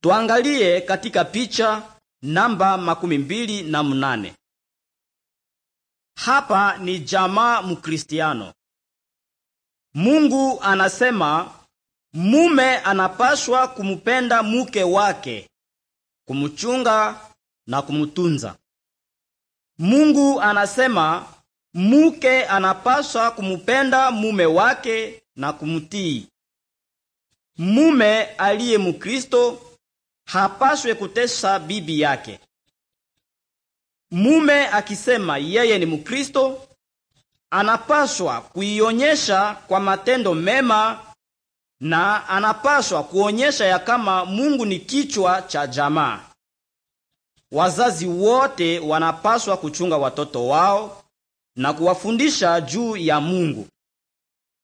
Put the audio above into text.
Tuangalie katika picha namba makumi mbili na mnane. Hapa ni jamaa Mkristiano. Mungu anasema mume anapaswa kumupenda muke wake, kumuchunga na kumutunza Mungu anasema muke anapaswa kumupenda mume wake na kumutii Mume aliye mukristo hapaswe kutesa bibi yake. Mume akisema yeye ni Mkristo, anapaswa kuionyesha kwa matendo mema na anapaswa kuonyesha ya kama Mungu ni kichwa cha jamaa. Wazazi wote wanapaswa kuchunga watoto wao na kuwafundisha juu ya Mungu.